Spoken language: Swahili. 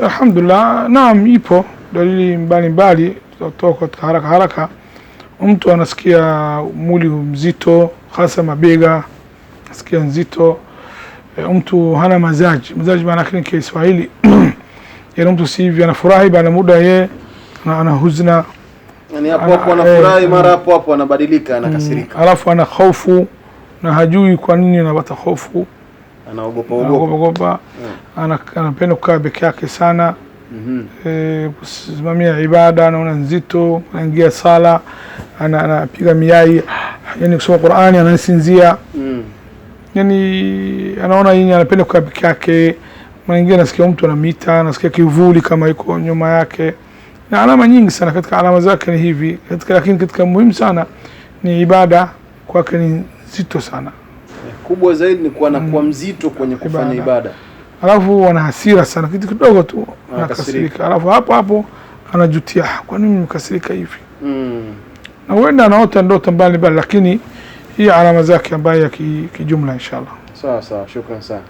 Alhamdulillah, naam, ipo dalili mbalimbali, tutatoa katika haraka haraka. Mtu anasikia mwili mzito, hasa mabega anasikia nzito. E, mtu hana mazaji, mazaji maana yake ni Kiswahili yaani mtu si hivi, anafurahi baada muda ye ana huzna, yani hapo hapo anafurahi, e, mara mm. hapo hapo anabadilika, anakasirika, mm, alafu ana hofu na hajui kwa nini anapata hofu anaogopa ogopa, anapenda kukaa peke yake sana. Mm -hmm. E, eh, kusimamia ibada anaona nzito, anaingia sala, anapiga miai miyai, yani kusoma Qur'ani anasinzia. Mm. Yani anaona yeye anapenda kukaa peke yake. Mwingine anasikia mtu anamita, anasikia kivuli kama iko nyuma yake. Na alama nyingi sana katika alama zake ni hivi, katika lakini katika muhimu sana ni ibada kwake ni nzito sana. Kubwa zaidi ni kuwa na mm. kuwa mzito kwenye kufanya ibada, alafu wana hasira sana, kitu kidogo tu anakasirika, alafu hapo hapo anajutia, ah, kwa nini nimekasirika hivi? mm. na huenda anaota ndoto mbalimbali, lakini hii alama zake ambaye ya kijumla ki inshallah. Sawa sawa, shukran sana.